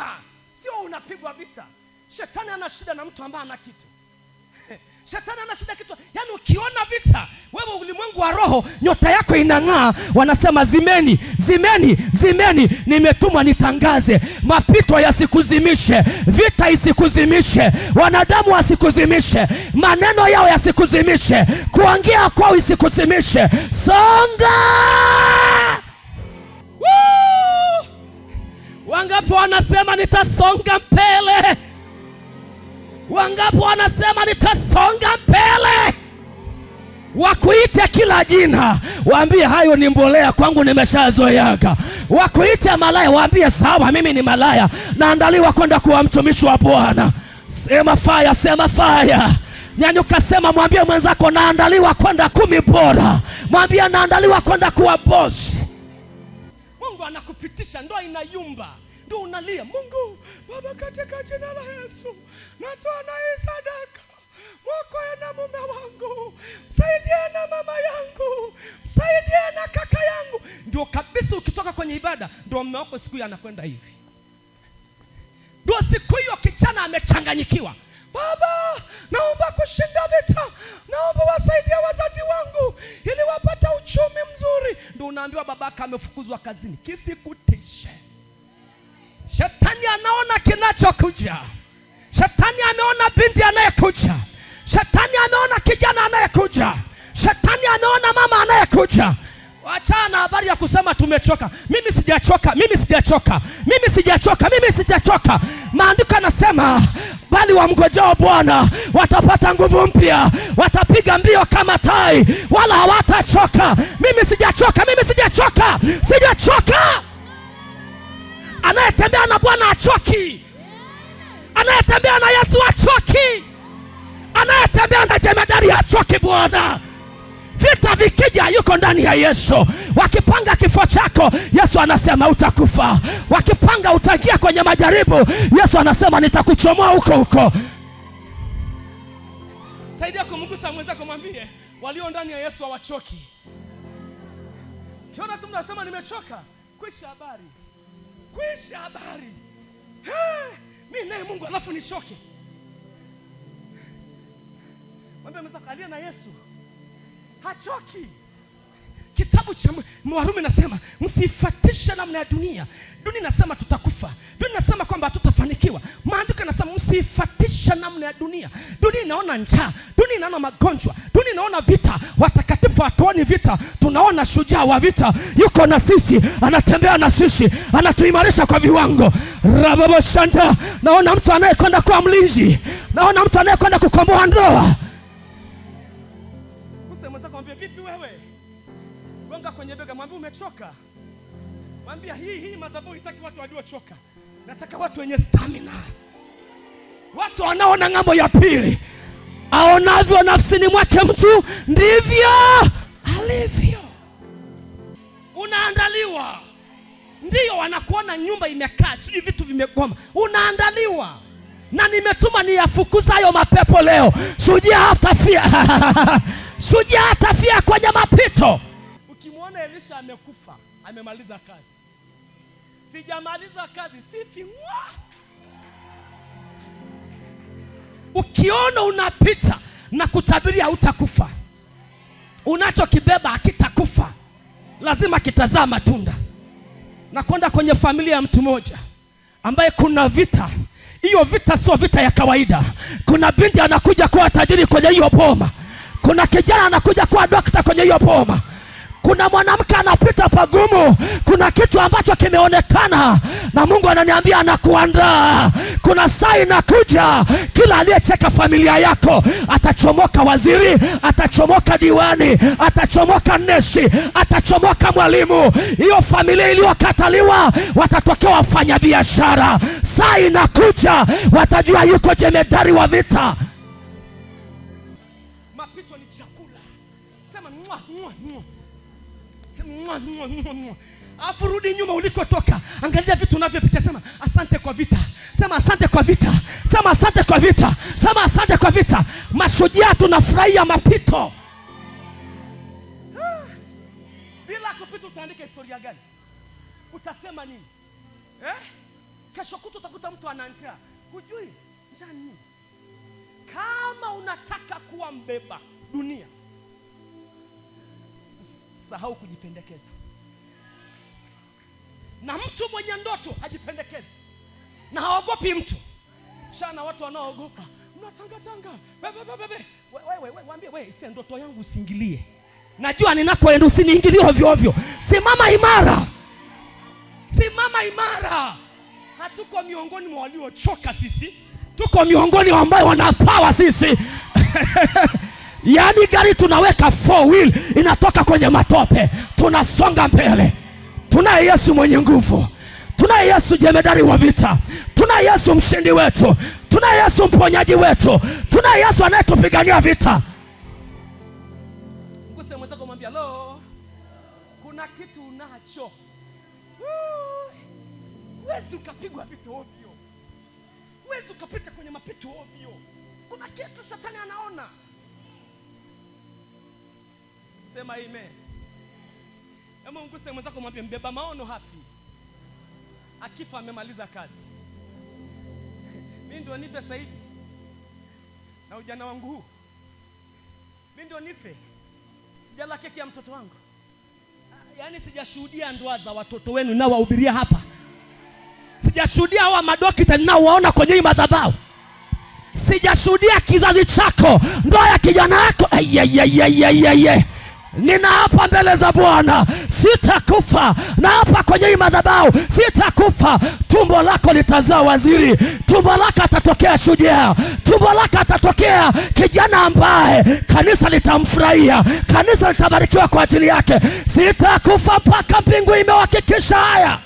vita, sio unapigwa vita. Shetani ana shida na mtu ambaye ana kitu Shetani ana shida kitu. Yaani ukiona vita, wewe ulimwengu wa roho, nyota yako inang'aa. Wanasema zimeni, zimeni, zimeni, nimetumwa nitangaze, mapito yasikuzimishe, vita isikuzimishe, wanadamu wasikuzimishe, maneno yao yasikuzimishe, kuongea kwao isikuzimishe. Songa! Wangapi wanasema nitasonga mbele? Wangapi wanasema nitasonga mbele? Wakuite kila jina, waambie hayo ni mbolea kwangu, nimeshazoeaga. Wakuite malaya, waambie sawa, mimi ni malaya, naandaliwa kwenda kuwa mtumishi wa Bwana. Sema faya, sema faya. Nyanyuka, sema, mwambie mwenzako naandaliwa kwenda kumi bora, mwambie naandaliwa kwenda kuwa boss. Mungu anakupitisha, ndoa inayumba ndio unalia Mungu Baba, katika jina la Yesu natoa na hii sadaka, mwokoe na mume wangu, msaidie na mama yangu, msaidie na kaka yangu. Ndio kabisa, ukitoka kwenye ibada ndio mume wako siku hiyo anakwenda hivi, ndio siku hiyo kichana amechanganyikiwa. Baba, naomba kushinda vita, naomba wasaidie wazazi wangu ili wapate uchumi mzuri. Ndio unaambiwa babaka amefukuzwa kazini, kisikutishe Shetani anaona kinachokuja. Shetani ameona binti anayekuja. Shetani ameona kijana anayekuja. Shetani ameona mama anayekuja. Wachana na habari ya kusema tumechoka. Mimi sijachoka, mimi sijachoka, mimi sijachoka, mimi sijachoka. Maandiko yanasema bali wamngojao Bwana watapata nguvu mpya, watapiga mbio kama tai, wala hawatachoka. Mimi sijachoka, mimi sijachoka, sijachoka. anayetembea na Yesu achoki, anayetembea na jemadari achoki. Bwana vita vikija, yuko ndani ya Yesu. Wakipanga kifo chako, Yesu anasema utakufa. Wakipanga utaingia kwenye majaribu, Yesu anasema nitakuchomoa huko huko. Saidia kumgusa mwenzako, mwambie walio ndani ya Yesu hawachoki. Kiona tu mnasema nimechoka, kwisha habari, kwisha habari. Hey! mimi naye Mungu alafu nishoke. Mwambie mzakalia na Yesu hachoki. Kitabu cha Warumi nasema msiifatishe namna ya dunia. Dunia nasema tutakufa, dunia nasema kwamba hatutafanikiwa. Maandiko yanasema msiifatishe namna ya dunia. Dunia inaona njaa, dunia inaona magonjwa, dunia inaona vita. Watakatifu hatuoni vita, tunaona shujaa wa vita yuko na sisi, anatembea na sisi, anatuimarisha kwa viwango. Rababoshanda, naona mtu anayekwenda kuwa mlinzi, naona mtu anayekwenda kukomboa ndoa kwenye bega, mwambie umechoka, mwambia hii hii madhabahu itaki watu waliochoka, nataka watu wenye stamina, watu wanaona ng'ambo ya pili. Aonavyo nafsini mwake mtu ndivyo alivyo. Unaandaliwa, ndiyo wanakuona nyumba imekaa, sijui vitu vimegoma, unaandaliwa na nimetuma niyafukuza hayo mapepo leo. Shujaa hatafia, shujaa hatafia kwenye mapito. Kumbe Elisha amekufa, amemaliza kazi. Sijamaliza kazi, sifi ngwa. Ukiona unapita na kutabiri, hautakufa. Unachokibeba hakitakufa, lazima kitazaa matunda. Na kwenda kwenye familia ya mtu mmoja ambaye kuna vita hiyo vita sio vita ya kawaida. Kuna binti anakuja kuwa tajiri kwenye hiyo boma, kuna kijana anakuja kuwa dokta kwenye hiyo boma kuna mwanamke anapita pagumu, kuna kitu ambacho kimeonekana na Mungu ananiambia anakuandaa. Kuna saa inakuja, kila aliyecheka familia yako atachomoka, waziri atachomoka, diwani atachomoka, neshi atachomoka, mwalimu. Hiyo familia iliyokataliwa watatokea wafanyabiashara. Saa inakuja, watajua yuko jemedari wa vita. Mapito ni chakula. Sema, mwah, mwah, mwah. Afu rudi nyuma ulikotoka, angalia vitu unavyopitia. Sema asante kwa vita, sema asante kwa vita, sema asante kwa vita, sema asante kwa vita. Mashujaa tunafurahia mapito. Bila kupita utaandika historia gani? Utasema nini eh? Kesho kutu utakuta mtu ana njaa, hujui njaa nini. Kama unataka kuwa mbeba dunia anasahau kujipendekeza, na mtu mwenye ndoto hajipendekezi na haogopi mtu. Chana watu wanaoogopa mnatangatanga, bebe wewe, ndoto yangu usingilie, najua ninakoenda, usiniingilie ovyo ovyo. Simama imara, simama imara. Hatuko miongoni mwa waliochoka, sisi tuko miongoni wa wanapawa sisi Yaani gari tunaweka four wheel inatoka kwenye matope, tunasonga mbele. Tunaye Yesu mwenye nguvu, tunaye Yesu jemedari wa vita, tunaye Yesu mshindi wetu, tunaye Yesu mponyaji wetu, tunaye Yesu anayetupigania vita. Mguse mwenzako, mwambia lo, kuna kitu unacho, huwezi ukapigwa vitu ovyo, huwezi ukapita kwenye mapito ovyo. Kuna kitu shetani anaona Sema ime. Hebu mguse mwenzako, mwambie mbeba maono hafi, akifa amemaliza kazi. Mimi ndio nife sasa hivi na ujana wangu huu, mimi ndio nife, sijala keki ya mtoto wangu, yaani sijashuhudia ndoa za watoto wenu nawahubiria hapa, sijashuhudia hawa madokita ninaowaona kwenye hii madhabahu sijashuhudia kizazi chako, ndoa ya kijana yako. Ayayayayayay! Ninaapa mbele za Bwana sitakufa, naapa kwenye hii madhabahu sitakufa. Tumbo lako litazaa waziri, tumbo lako atatokea shujaa, tumbo lako atatokea kijana ambaye kanisa litamfurahia, kanisa litabarikiwa kwa ajili yake. Sitakufa mpaka mbingu imehakikisha haya.